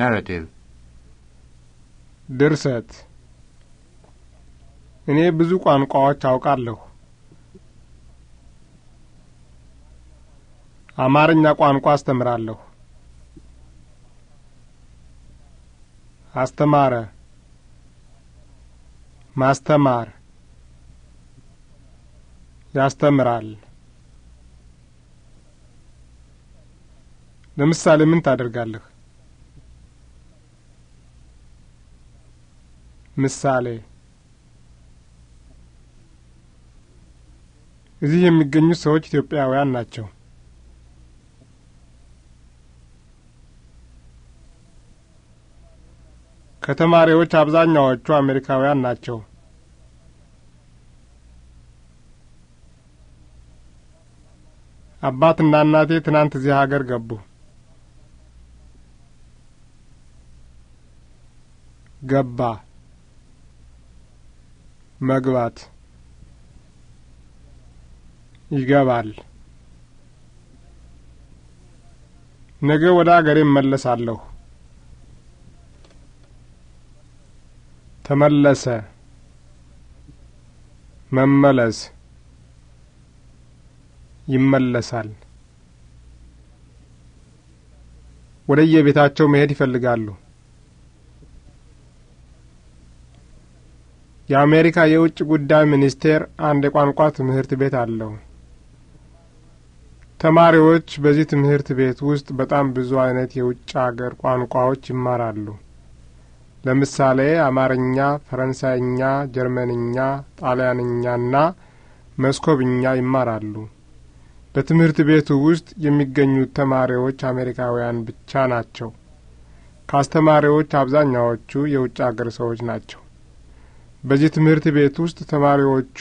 ናራቲቭ ድርሰት እኔ ብዙ ቋንቋዎች አውቃለሁ። አማርኛ ቋንቋ አስተምራለሁ። አስተማረ፣ ማስተማር፣ ያስተምራል። ለምሳሌ ምን ታደርጋለህ? ምሳሌ እዚህ የሚገኙት ሰዎች ኢትዮጵያውያን ናቸው። ከተማሪዎች አብዛኛዎቹ አሜሪካውያን ናቸው። አባትና እናቴ ትናንት እዚህ ሀገር ገቡ። ገባ መግባት ይገባል። ነገ ወደ አገሬ እመለሳለሁ። ተመለሰ፣ መመለስ፣ ይመለሳል። ወደ የቤታቸው መሄድ ይፈልጋሉ። የአሜሪካ የውጭ ጉዳይ ሚኒስቴር አንድ የቋንቋ ትምህርት ቤት አለው። ተማሪዎች በዚህ ትምህርት ቤት ውስጥ በጣም ብዙ አይነት የውጭ አገር ቋንቋዎች ይማራሉ። ለምሳሌ አማርኛ፣ ፈረንሳይኛ፣ ጀርመንኛ፣ ጣሊያንኛና መስኮብኛ ይማራሉ። በትምህርት ቤቱ ውስጥ የሚገኙት ተማሪዎች አሜሪካውያን ብቻ ናቸው። ከአስተማሪዎች አብዛኛዎቹ የውጭ አገር ሰዎች ናቸው። በዚህ ትምህርት ቤት ውስጥ ተማሪዎቹ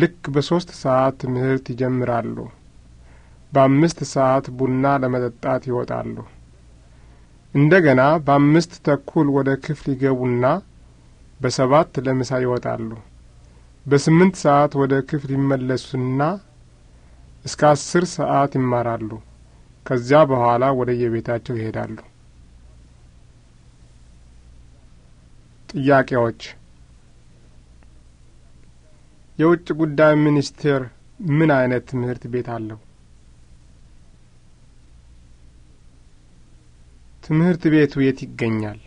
ልክ በሶስት ሰዓት ትምህርት ይጀምራሉ። በአምስት ሰዓት ቡና ለመጠጣት ይወጣሉ። እንደገና በአምስት ተኩል ወደ ክፍል ይገቡና በሰባት ለምሳ ይወጣሉ። በስምንት ሰዓት ወደ ክፍል ይመለሱና እስከ አስር ሰዓት ይማራሉ። ከዚያ በኋላ ወደ የቤታቸው ይሄዳሉ። ጥያቄዎች የውጭ ጉዳይ ሚኒስቴር ምን አይነት ትምህርት ቤት አለው? ትምህርት ቤቱ የት ይገኛል?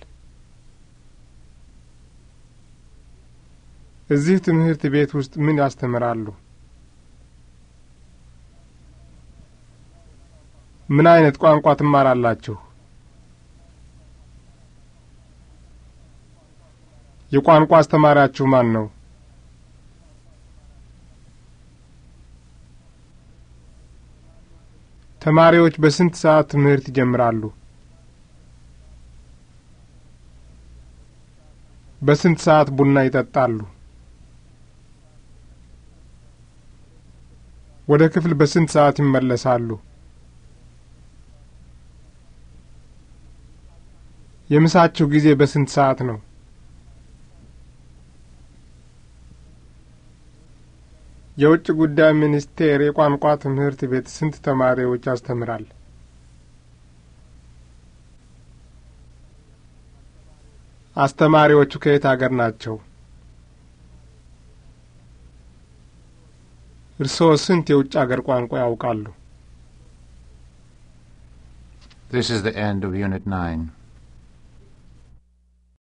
እዚህ ትምህርት ቤት ውስጥ ምን ያስተምራሉ? ምን አይነት ቋንቋ ትማራላችሁ? የቋንቋ አስተማሪያችሁ ማን ነው? ተማሪዎች በስንት ሰዓት ትምህርት ይጀምራሉ? በስንት ሰዓት ቡና ይጠጣሉ? ወደ ክፍል በስንት ሰዓት ይመለሳሉ? የምሳችሁ ጊዜ በስንት ሰዓት ነው? የውጭ ጉዳይ ሚኒስቴር የቋንቋ ትምህርት ቤት ስንት ተማሪዎች ያስተምራል? አስተማሪዎቹ ከየት አገር ናቸው? እርስዎ ስንት የውጭ አገር ቋንቋ ያውቃሉ? This is the end of Unit 9.